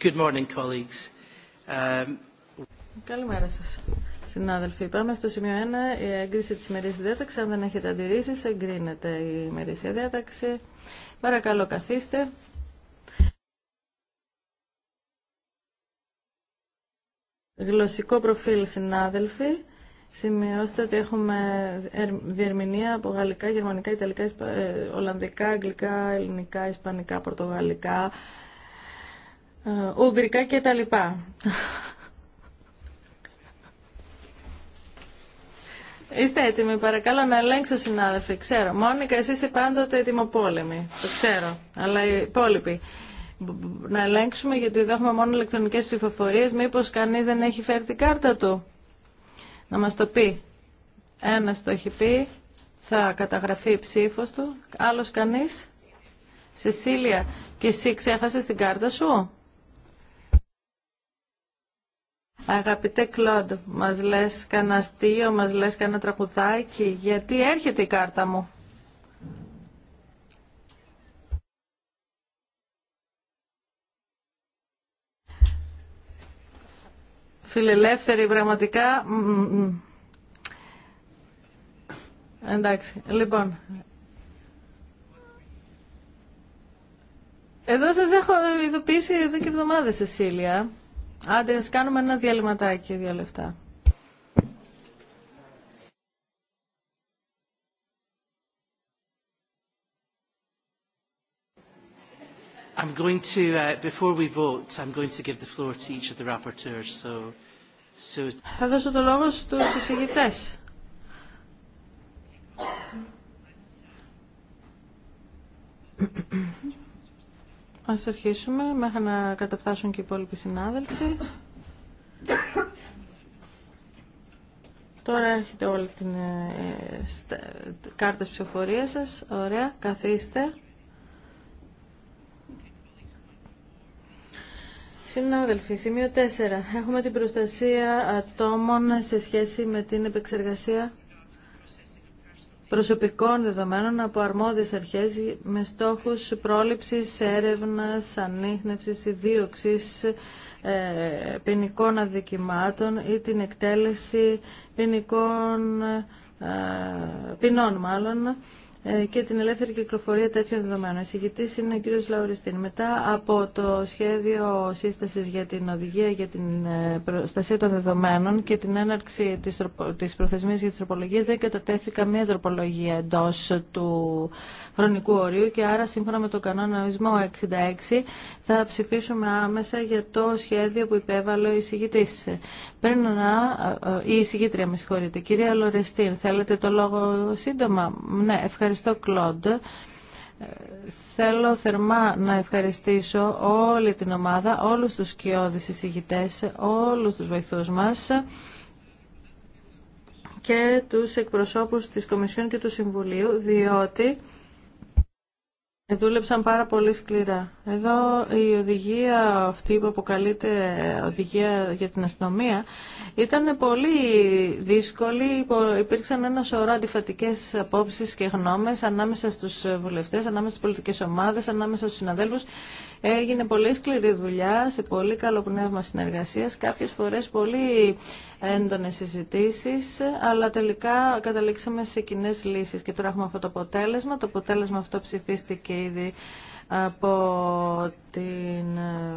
Good morning, colleagues. Um, Καλημέρα σας, συνάδελφοι. Πάμε στο σημείο 1, η έγκριση της ημερής διάταξης. Αν δεν έχετε αντιρρήσεις, εγκρίνεται η ημερήσια διάταξη. Παρακαλώ, καθίστε. Γλωσσικό προφίλ, συνάδελφοι. Σημειώστε ότι έχουμε διερμηνία από γαλλικά, γερμανικά, ιταλικά, ε, ολλανδικά, αγγλικά, ελληνικά, ισπανικά, πορτογαλικά, ε, ουγγρικά και τα λοιπά. Είστε έτοιμοι, παρακαλώ να ελέγξω συνάδελφοι. Ξέρω, Μόνικα, εσύ είσαι πάντοτε ετοιμοπόλεμη. Το ξέρω, αλλά οι υπόλοιποι. Να ελέγξουμε γιατί εδώ έχουμε μόνο ηλεκτρονικές ψηφοφορίες. Μήπως κανείς δεν έχει φέρει την κάρτα του να μας το πει. Ένας το έχει πει, θα καταγραφεί η ψήφος του, άλλος κανείς. Σεσίλια, και εσύ ξέχασες την κάρτα σου. Αγαπητέ Κλοντ, μας λες κανένα αστείο, μας λες κανένα τραγουδάκι, γιατί έρχεται η κάρτα μου. φιλελεύθεροι πραγματικά. Εντάξει, λοιπόν. Εδώ σας έχω ειδοποιήσει εδώ και εβδομάδες, Σεσίλια. Άντε, ας κάνουμε ένα διαλυματάκι, δύο λεφτά. I'm going to, uh, before we vote, I'm going to give the floor to each of the rapporteurs, so... Θα δώσω το λόγο στους εισηγητές. Ας αρχίσουμε μέχρι να καταφτάσουν και οι υπόλοιποι συνάδελφοι. Τώρα έχετε όλη την ε, κάρτα ψηφοφορία σας. Ωραία, καθίστε. Συνάδελφοι, σημείο 4. Έχουμε την προστασία ατόμων σε σχέση με την επεξεργασία προσωπικών δεδομένων από αρμόδιες αρχές με στόχους πρόληψης, έρευνας, ανείχνευσης, ιδίωξης ε, ποινικών αδικημάτων ή την εκτέλεση ποινικών ε, ποινών μάλλον ε, και την ελεύθερη κυκλοφορία τέτοιων δεδομένων. Εισηγητής είναι ο κύριος Λαουριστίν. Μετά από το σχέδιο σύστασης για την οδηγία για την ε, προστασία των δεδομένων και την έναρξη της προθεσμίας για τις τροπολογίες δεν κατατέθηκα μία τροπολογία εντός του χρονικού ορίου και άρα σύμφωνα με το κανόνα κανονισμό 66 θα ψηφίσουμε άμεσα για το σχέδιο που υπέβαλε ο εισηγητής. Πριν να... Ε, η εισηγήτρια με συγχωρείτε. Κυρία Λορεστίν, θέλετε το λόγο σύντομα. Ναι, ευχαριστώ στο Κλοντ. Ε, θέλω θερμά να ευχαριστήσω όλη την ομάδα, όλους τους σκιώδεις εισηγητές, όλους τους βοηθούς μας και τους εκπροσώπους της Κομισιόν και του Συμβουλίου, διότι ε, δούλεψαν πάρα πολύ σκληρά. Εδώ η οδηγία αυτή που αποκαλείται οδηγία για την αστυνομία ήταν πολύ δύσκολη. Υπήρξαν ένα σωρό αντιφατικές απόψεις και γνώμες ανάμεσα στους βουλευτές, ανάμεσα στις πολιτικές ομάδες, ανάμεσα στους συναδέλφους Έγινε πολύ σκληρή δουλειά σε πολύ καλό πνεύμα συνεργασίας, κάποιες φορές πολύ έντονες συζητήσεις, αλλά τελικά καταλήξαμε σε κοινέ λύσεις και τώρα έχουμε αυτό το αποτέλεσμα. Το αποτέλεσμα αυτό ψηφίστηκε ήδη από την ε,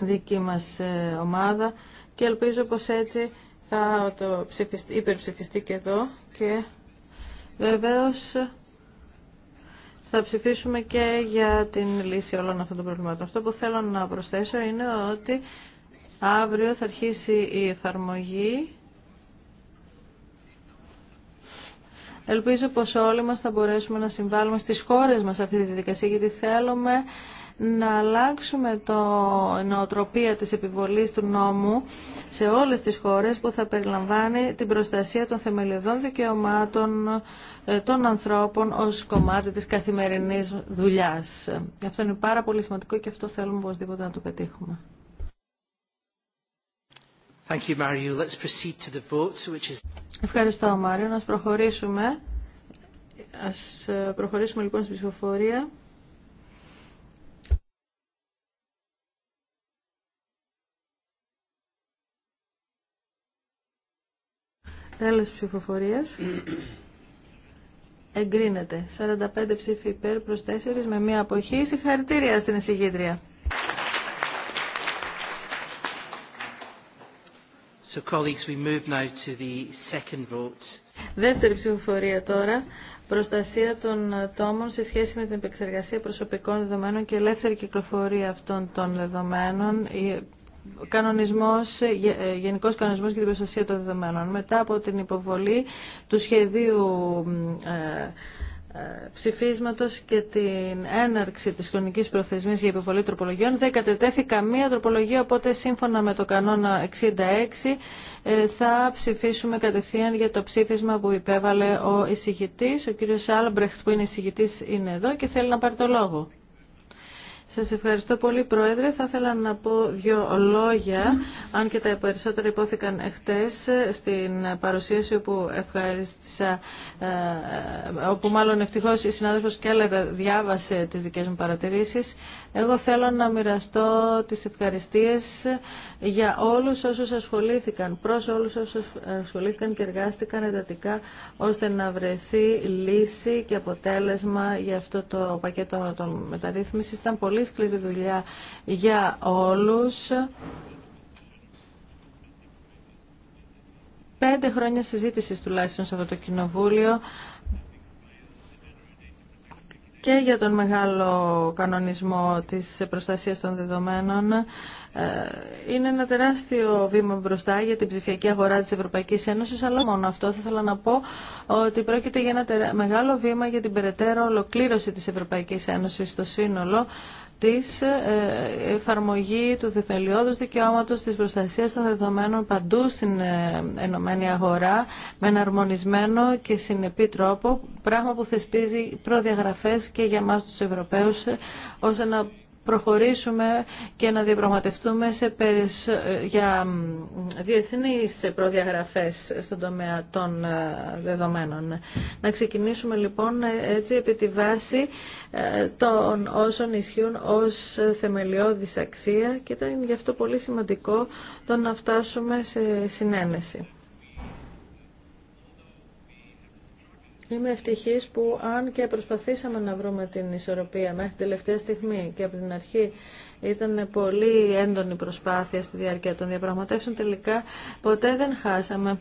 δική μας ε, ομάδα και ελπίζω πως έτσι θα το ψηφιστεί, υπερψηφιστεί και εδώ και βεβαίως θα ψηφίσουμε και για την λύση όλων αυτών των προβλημάτων. Αυτό που θέλω να προσθέσω είναι ότι αύριο θα αρχίσει η εφαρμογή. Ελπίζω πως όλοι μας θα μπορέσουμε να συμβάλλουμε στις χώρες μας αυτή τη διαδικασία, γιατί θέλουμε να αλλάξουμε το νοοτροπία της επιβολής του νόμου σε όλες τις χώρες που θα περιλαμβάνει την προστασία των θεμελιωδών δικαιωμάτων ε, των ανθρώπων ως κομμάτι της καθημερινής δουλειάς. Αυτό είναι πάρα πολύ σημαντικό και αυτό θέλουμε οπωσδήποτε να το πετύχουμε. Ευχαριστώ, Μάριο. Να προχωρήσουμε. Ας ε, προχωρήσουμε λοιπόν στην ψηφοφορία. Τέλος ψηφοφορίας. Εγκρίνεται. 45 ψήφοι υπέρ προς 4 με μία αποχή. Συγχαρητήρια στην εισηγήτρια. So, colleagues, we move now to the second vote. Δεύτερη ψηφοφορία τώρα. Προστασία των τόμων σε σχέση με την επεξεργασία προσωπικών δεδομένων και ελεύθερη κυκλοφορία αυτών των δεδομένων κανονισμός, ε, γενικός κανονισμός για την προστασία των δεδομένων. Μετά από την υποβολή του σχεδίου ε, ε, ψηφίσματος και την έναρξη της χρονικής προθεσμίας για υποβολή τροπολογιών δεν κατετέθη καμία τροπολογία οπότε σύμφωνα με το κανόνα 66 θα ψηφίσουμε κατευθείαν για το ψήφισμα που υπέβαλε ο εισηγητής ο κύριος Άλμπρεχτ που είναι εισηγητής είναι εδώ και θέλει να πάρει το λόγο σας ευχαριστώ πολύ Πρόεδρε. Θα ήθελα να πω δύο λόγια, αν και τα περισσότερα υπόθηκαν εχθές στην παρουσίαση όπου ευχαριστήσα, ε, όπου μάλλον ευτυχώς η συνάδελφος Κέλλερ διάβασε τις δικές μου παρατηρήσεις. Εγώ θέλω να μοιραστώ τις ευχαριστίες για όλους όσους ασχολήθηκαν, προς όλους όσους ασχολήθηκαν και εργάστηκαν εντατικά ώστε να βρεθεί λύση και αποτέλεσμα για αυτό το πακέτο μεταρρύθμισης. Ήταν πολύ δουλειά για όλους. Πέντε χρόνια συζήτησης τουλάχιστον σε αυτό το κοινοβούλιο και για τον μεγάλο κανονισμό της προστασίας των δεδομένων ε, είναι ένα τεράστιο βήμα μπροστά για την ψηφιακή αγορά της Ευρωπαϊκής Ένωσης αλλά μόνο αυτό θα ήθελα να πω ότι πρόκειται για ένα μεγάλο βήμα για την περαιτέρω ολοκλήρωση της Ευρωπαϊκής Ένωσης στο σύνολο της ε, εφαρμογή του θεμελιώδους δικαιώματος της προστασίας των δεδομένων παντού στην ε, ενωμένη αγορά με ένα αρμονισμένο και συνεπή τρόπο, πράγμα που θεσπίζει προδιαγραφές και για μας τους Ευρωπαίους ώστε να προχωρήσουμε και να διαπραγματευτούμε σε περισ... για διεθνείς προδιαγραφές στον τομέα των ε, δεδομένων. Να ξεκινήσουμε λοιπόν έτσι επί τη βάση ε, των όσων ισχύουν ως θεμελιώδης αξία και ήταν γι' αυτό πολύ σημαντικό το να φτάσουμε σε συνένεση. Είμαι ευτυχή που αν και προσπαθήσαμε να βρούμε την ισορροπία μέχρι την τελευταία στιγμή και από την αρχή ήταν πολύ έντονη προσπάθεια στη διάρκεια των διαπραγματεύσεων, τελικά ποτέ δεν χάσαμε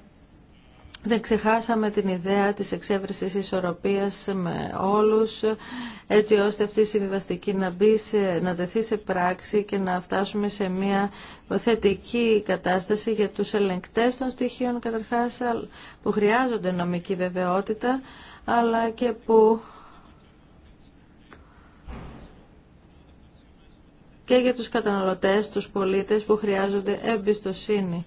δεν ξεχάσαμε την ιδέα της εξέβρεσης ισορροπίας με όλους, έτσι ώστε αυτή η συμβιβαστική να, μπει σε, να δεθεί σε πράξη και να φτάσουμε σε μια θετική κατάσταση για τους ελεγκτές των στοιχείων καταρχάς που χρειάζονται νομική βεβαιότητα, αλλά και που και για τους καταναλωτές, τους πολίτες που χρειάζονται εμπιστοσύνη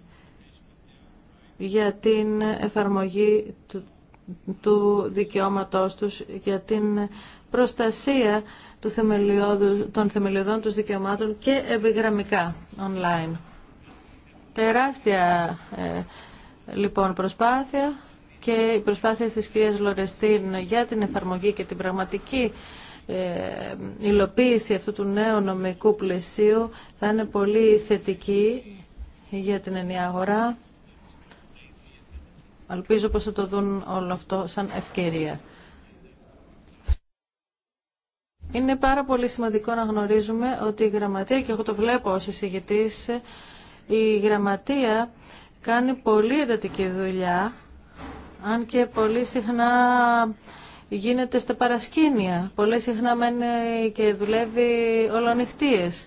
για την εφαρμογή του, του δικαιώματός τους, για την προστασία του των θεμελιωδών τους δικαιωμάτων και επιγραμμικά online. Τεράστια ε, λοιπόν προσπάθεια και η προσπάθεια της κυρίας Λορεστίν για την εφαρμογή και την πραγματική ε, υλοποίηση αυτού του νέου νομικού πλαισίου θα είναι πολύ θετική για την ενιαία αγορά Ελπίζω πως θα το δουν όλο αυτό σαν ευκαιρία. Είναι πάρα πολύ σημαντικό να γνωρίζουμε ότι η γραμματεία, και εγώ το βλέπω ως εισηγητής, η γραμματεία κάνει πολύ εντατική δουλειά, αν και πολύ συχνά γίνεται στα παρασκήνια. Πολύ συχνά μένει και δουλεύει ολονυχτίες.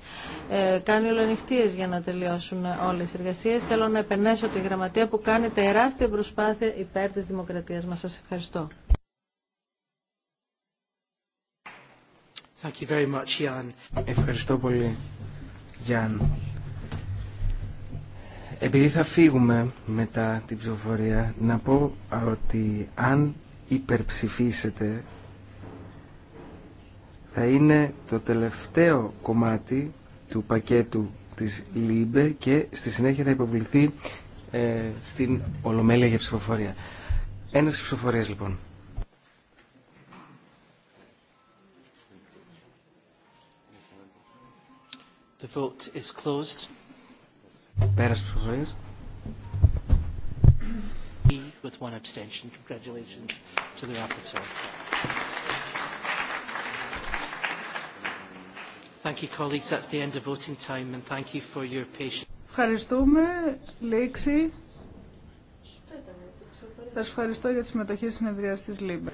Ε, κάνει ολονυχτίες για να τελειώσουν όλες οι εργασίες. Θέλω να επενέσω τη γραμματεία που κάνει τεράστια προσπάθεια υπέρ της δημοκρατίας μας. Σας ευχαριστώ. Thank you very much, Jan. Ευχαριστώ πολύ, Γιάν. Επειδή θα φύγουμε μετά την ψηφοφορία, να πω ότι αν υπερψηφίσετε θα είναι το τελευταίο κομμάτι του πακέτου της ΛΥΜΠΕ και στη συνέχεια θα υποβληθεί ε, στην Ολομέλεια για ψηφοφορία. Ένας ψηφοφορίας λοιπόν. The vote is closed. ψηφοφορίας with one abstention. Congratulations to the rapporteur. Thank you, colleagues. That's the end of voting time, and thank you for your patience. Ευχαριστούμε, Λέξη. Σας ευχαριστώ για τη συμμετοχή στη συνεδρία της ΛΥΜΠΕ.